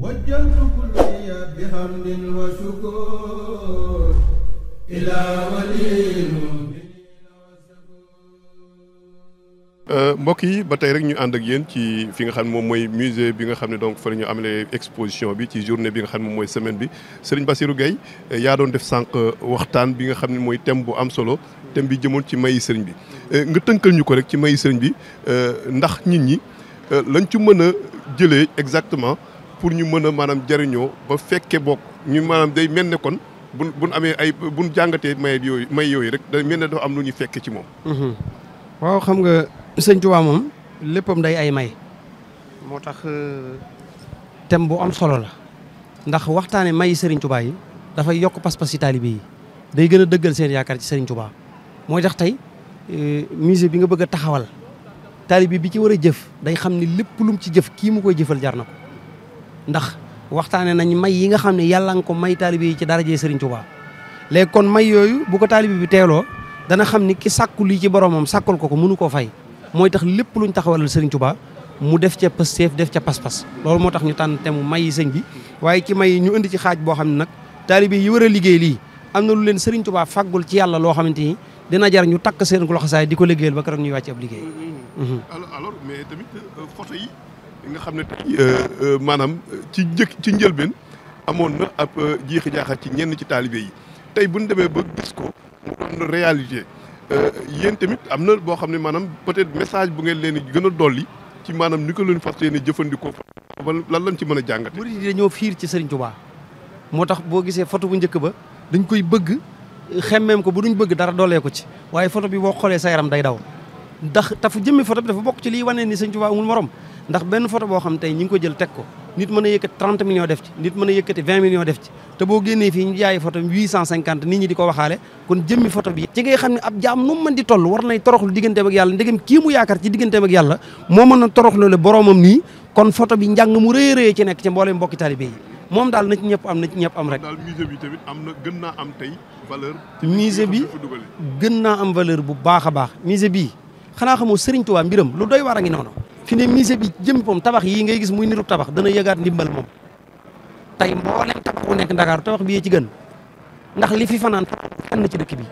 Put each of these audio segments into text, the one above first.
وجهت كلي بحمد وشكر إلى ولي euh, mbokk yi ba tey rek ñu ànd ak yéen ci fi nga xam moom mooy musée bi nga xam ne donc fa la ñu amalee exposition bi ci journée bi nga xam ne mooy semaine bi Serigne Bassirou Gueye euh, yaa doon def sànq euh, waxtaan bi nga xam ne mooy thème bu am solo thème bi jëmoon ci mayi Serigne bi. nga tënkal ñu ko rek ci mayi Serigne bi ndax nit ñi lañ ci mën a jëlee exactement. pour ñu mën a maanaam jëriñoo ba fekke bokk ñu maanaam day mel ne kon bu buñ amee ay buñ jàngatee may yooyu may yooyu rek day mel ne dafa am lu ñu fekke ci moom mhm. waaw xam nga sëñ Tuubaa moom léppam day ay may moo tax euh, thème bu am solo la ndax waxtaane may sëriñ Tuubaa yi dafay yokk pas-pas ci taalibe yi day gën a dëggal seen yaakaar ci sëriñ Tuubaa mooy tax tey euh, musée bi nga bëgg a taxawal taalibe bi ci war a jëf day xam ne lépp lu ci jëf kii mu koy jëfal jar na ko ndax waxtaane nañ may yi nga xam ne yàlla nga ko may taalibe yi ci darajee Serigne Touba léegi kon may yooyu bu ko taalibe bi teeloo dana xam ni ki sàkku lii ci boromam sàkkul ko ko mënu koo fay mooy tax lépp luñ taxawalal Serigne Touba mu def ca pësteef def ca pas-pas loolu moo tax ñu tànn te mu may yi bi waaye ci may ñu indi ci xaaj boo xam ne nag taalibe yi war a liggéey lii am na lu leen Serigne Touba fàggul ci yàlla loo xamante ni dina jar ñu takk seen loxo saay di ko liggéeyal ba keroog ñuy wàcc ab liggéey. Mm-hmm. Mm-hmm. li nga xam ne tey euh, euh, maanaam euh, ci njëkk ci njëlbeen amoon na ab jiixi jaaxal ci ñenn ci taalibe yi tey bu ñu demee ba gis ko mu doon réalité tamit am na boo xam ne maanaam peut message bu ngeen leen gën a dolli ci maanaam ni ko leen fas yéene jëfandikoo fa lan lañ ci mën a jàngate. murid yi dañoo fiir ci Serigne Touba moo tax boo gisee foto bu njëkk ba dañ koy bëgg xemmeem ko bu duñ bëgg dara doolee ko ci waaye photo bi boo xoolee sa yaram day daw ndax tafu jëmmi foto bi dafa bokk ci liy wane ni Serigne Touba amul morom ndax benn photo boo xam tey ñi ngi ko jël teg ko nit mën a yëkkati 30 millions def ci nit mën a yëkkati 20 millions def ci te boo génnee fii ñu jaay photo 850 nit ñi di ko waxaale kon jëmmi photo bi ci ngay mën di toll war nay toroxlu digganteem ak yàlla ndegam kii mu yaakaar ci digganteem ak yàlla moo mën a toroxlu le boroomam nii kon photo bi njàng mu rëy rëy ci nekk ci mbooleem mbokki talibé yi moom daal na ci ñëpp am na ci ñëpp am rek. daal bi tamit am na gën naa am bi gën naa am valeur bu baax a baax musée bi xanaa xamoo Serigne tuwaa mbiram lu doy war a ngi noonu fi ne bi jëm moom tabax yii ngay gis muy niru tabax dana yëgaat ndimbal moom tey mboolem tabax bu nekk Ndakaaru tabax bi yee ci gën ndax li fi fanaan fenn ci dëkk bi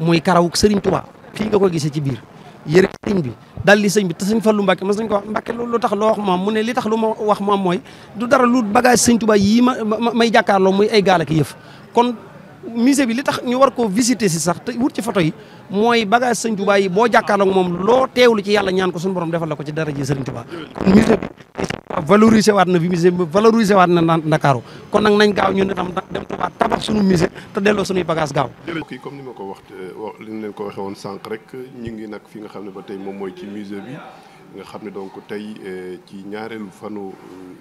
muy karaw sëriñ Tuubaa fii nga ko gisee ci biir yëre sëriñ bi dal li sëñ bi te sëñ Fallu Mbàkke mas nañ ko wax Mbàkke lu tax loo wax moom mu ne li tax lu ma wax moom mooy du dara lu bagage sëñ Tuubaa yii ma may jàkkaarloo mooy ay gaal ak yëf musée bi li tax ñu war koo visiter si sax te wut ci photo yi mooy bagage sëñ Touba yi boo jàkkaarloog moom loo teewlu ci yàlla ñaan ko suñu borom defal la ko ci dara ji sëriñ Touba kon musée waat na bi musée valoriser waat na Ndakaaru kon nag nañ gaaw ñu ne tam dem Touba tabax suñu musée te delloo suñuy bagage gaaw kii comme ni ma ko wax li ñu leen ko waxee woon sànq rek ñu ngi nag fi nga xam ne ba tey moom mooy ci musée bi nga xam ne donc tey eh, ci ñaareelu fanu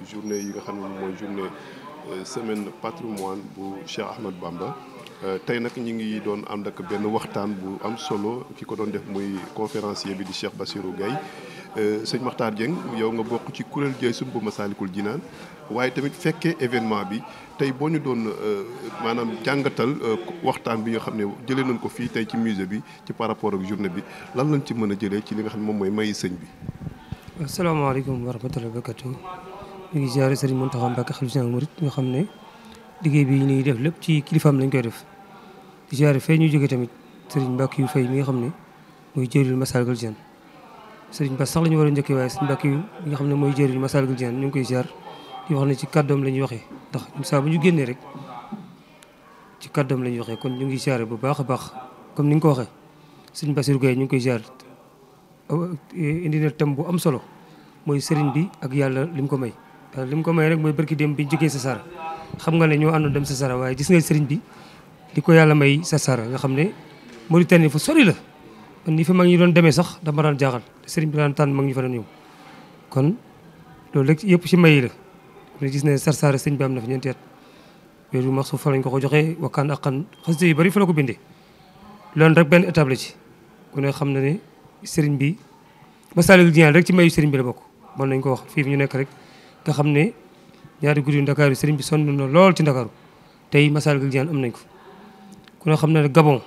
journée yi nga xam ne mooy journée Euh, semaine patrimoine bu Cheikh Ahmed Bamba euh, tey nag ñu ngi doon ànd ak benn waxtaan bu am solo ki ko doon def muy conférencier bi di Cheikh Bassirou Gueye euh, sëñ Makhtar Dieng yow nga bokk ci kuréel Jaysum bu Masaalikul Jinaan waaye tamit fekkee événement bi tey boo ñu doon maanaam jàngatal waxtaan bi nga xam ne jëlee nañ ko fii tey ci musée bi ci par rapport ak journée bi lan lañ ci mën a jëlee ci li nga xam ne moom mooy mayi sëñ bi. asalaamaaleykum wa rahmatulah ñu ngi ziare Serigne Mountakha Mbacké xalifa général murid nga xam ne liggéey bi ñuy def lépp ci kilifaam lañ koy def di ziare fee ñu jógee tamit Serigne Mbacké yu fay mi nga xam ne mooy jëriñu Massalikul Jinaan Serigne Bass sax la ñu war a njëkkee waaye Serigne Mbacké yu nga xam ne mooy jëriñu Massalikul Jinaan ñu ngi koy ziar di wax ne ci kàddoom la ñuy waxee ndax saa bu ñu génnee rek ci kàddoom la ñuy waxee kon ñu ngi ziare bu baax a baax comme ni nga ko waxee Serigne Bassirou Gueye ñu ngi koy ziar indi na thème bu am solo mooy Serigne bi ak yàlla li mu ko may li mu ko may rek mooy barki dem bi jógee Sarsara xam nga ne ñoo àndoon dem sa Sarsara waaye gis nga sëriñ bi li ko yàlla may Sarsara nga xam ne Mauritanie fu sori la man ni fi mag ñi doon demee sax dama daan jaaxal sëriñ bi daan tànn mag ñi fa kon loolu rek yëpp ci may la mais gis ne Sarsara sëriñ bi am na fi ñeenti at yooyu max suuf lañ ko ko joxee wakkaan akkan xasida yu fa la ko bindee loolu rek benn étape la ci ku ne xam na ne sëriñ bi Masaalikul Jinaan rek ci mayu sëriñ bi la bokk mën nañ ko wax fii ñu nekk rek nga xam ne ñaari guddi Ndakaaru yi sëriñ bi sonn na lool ci Ndakaaru tey Masaalikul Jinaan am nañ ko ku ne xam na ne Gabon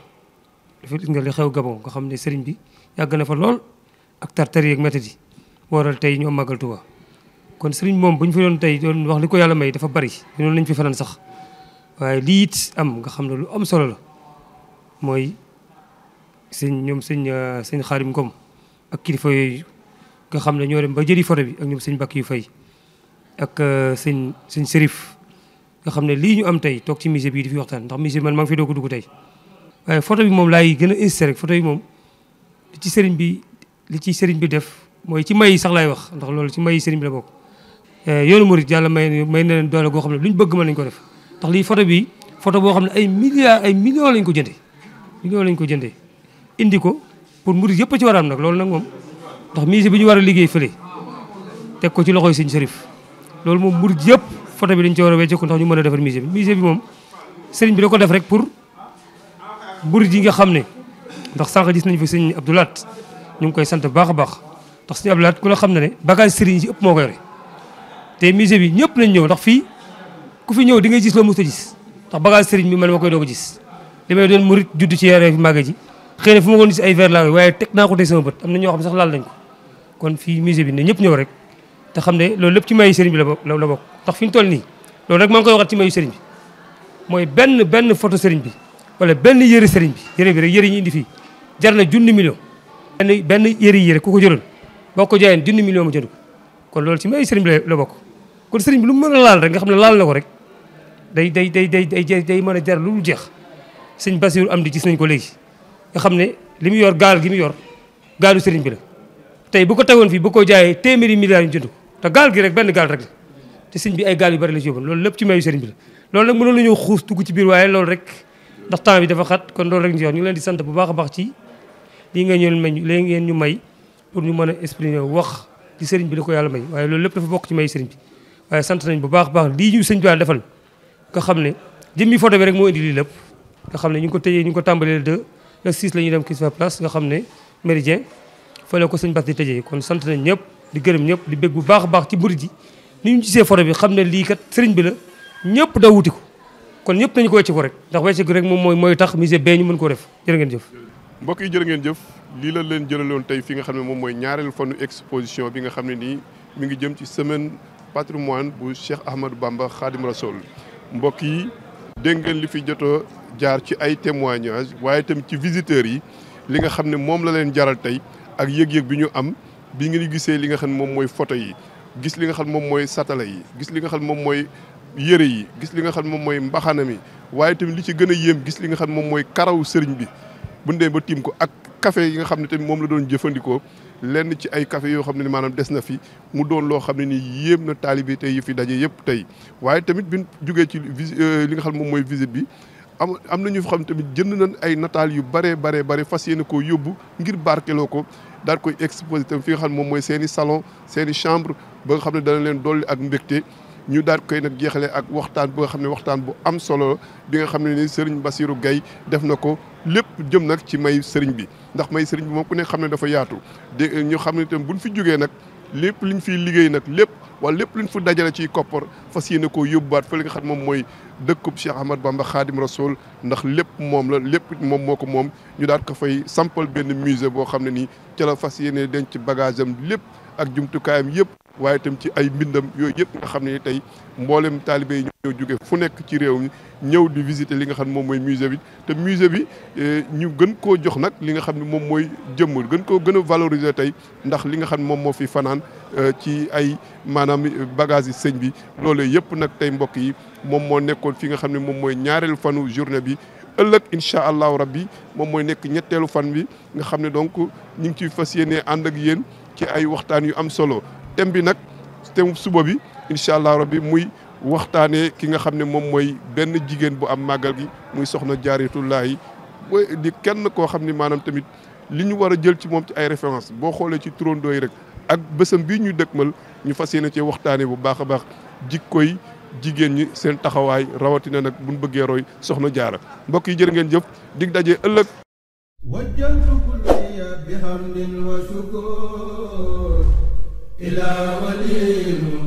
dafa gis nga li xew Gabon nga xam ne sëriñ bi yàgg na fa lool ak tartar yeeg métti yi waral tey ñu am màggal Tuuba kon sëriñ moom bu ñu fi doon tey doon wax li ko yàlla may dafa bari noonu lañ fi fanaan sax waaye lii it am nga xam ne lu am solo la mooy sëñ ñoom sëñ sëñ Xaarim Ngom ak kilifa yooyu nga xam ne ñoo dem ba jëri foto bi ak ñoom sëñ Bakk yu fay ak euh, sëñ sëñ sërif nga xam ne lii ñu am tey toog ci musée bii di fi waxtaan ndax musée man maa fi doog a dugg tey waaye photo bi moom laay gën a insisté rek photo bi moom li ci sëriñ bi li ci sëriñ bi def mooy ci may yi sax laay wax ndax loolu ci may yi sëriñ bi la bokk euh, yoonu murid yàlla may may na leen doole goo xam ne lu ñu bëgg mën nañ ko def ndax lii photo bi foto boo xam ne ay milliards ay millions lañ ko jënde millions lañ ko jëndee indi ko pour murid yëpp a ci war a nag loolu nag moom ndax musée bi ñu war a liggéey fële teg ko ci loxoy sëñ Sërif loolu moom murid yëpp photo bi dañ ci war a wecceeku ndax ñu mën a defar musée bi musée bi moom sëriñ bi da ko def rek pour murid yi nga xam ne ndax sànq gis nañ fi sëriñ Abdoulaat ñu ngi koy sant baax a baax ndax sëriñ Abdoulaat ku la xam ne ne bagage sëriñ si ëpp moo ko yore te musée bi ñëpp nañ ñëw ndax fii ku fi ñëw di ngay gis loo mos a gis ndax bagage sëriñ bi man ma koy doog a gis li may doon murid judd ci yare fi màgge ji xëy na fu ma ko gis ay verre laa waaye teg ko tey sama bët am ñoo xam sax laal nañ ko kon fii musée bi ne ñëpp ñëw rek te xam ne loolu lépp ci mayu sëriñ bi la la bokk ndax fi toll nii loolu rek maa ngi koy waxat ci mayu sëriñ bi mooy benn benn photo sëriñ bi wala ben yëre sëriñ bi yëre bi rek yëre ñu indi fii jar na junni million benn benn yëre yëre ku ko jëloon boo ko jaayeen junni million ma jënd ko kon loolu ci mayu sëriñ bi la bokk kon sëriñ bi lu mu mën a laal rek nga xam ne laal na ko rek day day day day day day mën a jar lu jeex sëñ Basiru am di gis nañ ko léegi nga xam ne li mu yor gaal gi mu yor gaalu sëriñ bi la tey bu ko tegoon fii bu ko jaayee téeméeri milliards yu jënd te gaal gi rek benn gaal rek la te sëñ bi ay gaal yu bari la ci yóbbu loolu lépp ci mayu sëriñ bi la loolu nag mënoon nañoo xuus dugg ci biir waaye loolu rek ndax temps bi dafa xat kon loolu rek ñu leen sant bu baax baax nga may léegi ngeen ñu may pour ñu mën a exprimer wax ci sëriñ bi li ko yàlla may waaye loolu lépp dafa bokk ci mayu sëriñ bi waaye sant nañ bu baax baax lii ñu sëñ bi daal defal nga xam ne jëmmi rek moo indi lii nga xam ne ñu ngi ko tëjee ñu ngi ko tàmbalee de le 6 dem Kisfa place nga xam ne méridien ko sëñ Bass kon sant nañ ñëpp di gërëm ñëpp di bég bu baax a baax ci murid yi ni ñu gisee photo bi xam ne lii kat sëriñ bi la ñëpp da wuti ko kon ñëpp nañu ko wecci ko rek ndax wecci ko rek moom mooy mooy tax musée bee ñu mën koo def jërë ngeen jëf mbokk yi jërë ngeen jëf lii la leen jëraloon tey fi nga xam ne moom mooy ñaareelu fanu exposition bi nga xam ne nii mi ngi jëm ci semaine patrimoine bu Cheikh Ahmadou Bamba Khadim Rasoul mbokk yi dégg ngeen li fi jotoo jaar ci ay témoignages waaye itam ci visiteurs yi li nga xam ne moom la leen jaral tey ak yëg-yëg bi ñu am bi ngeen gisee li nga xam moom mooy photo yi gis li nga xam moom mooy satala yi gis li nga xam moom mooy yére yi gis li nga xam moom mooy mbaxana mi waaye tamit li ci gën a yéem gis li nga xam moom mooy karaw sëriñ bi bu ñu demee ba tiim ko ak kafe yi nga xam ne tamit moom la doon jëfandikoo lenn ci ay café yoo xam ne maanaam des na fi mu doon loo xam ne nii yéem na taalibe tey yi fi daje yëpp tey waaye tamit bi ñu jógee ci euh, li nga xam moom mooy visite bi am am na ñu xam tamit jënd na nañ ay nataal yu bare bare bare fas yéene koo yóbbu ngir barkeloo ko daal koy exposé tam fi nga xam ne moom mooy seeni i salon seen i chambre ba nga xam ne dana leen dolli ak mbégte ñu daal koy nag jeexale ak waxtaan bu nga xam ne waxtaan bu am solo bi nga xam ne ni Serigne Bassirou Gaye def na ko lépp jëm nag ci may Serigne bi ndax may Serigne bi moom ku ne xam ne dafa yaatu de ñu xam ne bu buñ fi jógee nag lépp liñ fiy liggéey nag lépp wala lépp luñ fu dajale ci koppar fas yéene koo yóbbuwaat fële nga xam moom mooy dëkkub Cheikh Ahmad Bamba Khadim Rasoul ndax lépp moom la lépp moom moo ko moom ñu daal ko fay sampal benn musée boo xam ne nii ca la fas yéene denc bagage am lépp ak jumtukaayam yëpp. waaye itam ci ay mbindam yooyu yëpp nga xam ne tey mboolem taalibe yi ñoo jóge fu nekk ci réew mi ñëw di visiter li nga xam ne moom mooy musée bi te musée bi eh, ñu gën koo jox nag li nga xam ne moom mooy jëmm gën koo gën a valoriser tey ndax li nga xam moom moo fi fanaan eh, ci ay maanaam eh, bagage yi sëñ bi loolu yëpp nag tey mbokk yi moom moo nekkoon fi nga xam ne moom mooy ñaareelu fanu journée bi ëllëg incha allahu rabbi moom mooy nekk ñetteelu fan bi nga xam ne donc ñu ngi ciy fas yéenee ànd ak yéen ci ay waxtaan yu am solo thème bi nag thème suba bi incha allah rabbi muy waxtaanee ki nga xam ne moom mooy benn jigéen bu am màggal gi muy soxna jaaritullaahi di kenn koo xam ne maanaam tamit li ñu war a jël ci moom ci ay référence boo xoolee ci turandoo yi rek ak bésam bii ñu dëkkmal ñu fas yéene cee waxtaanee bu baax a baax jikkoy jigéen ñi seen taxawaay rawatina nag buñ bëggee roy soxna jaara mbokk yi jërë ngeen jëf dig dajee ëllëg. ilaa wali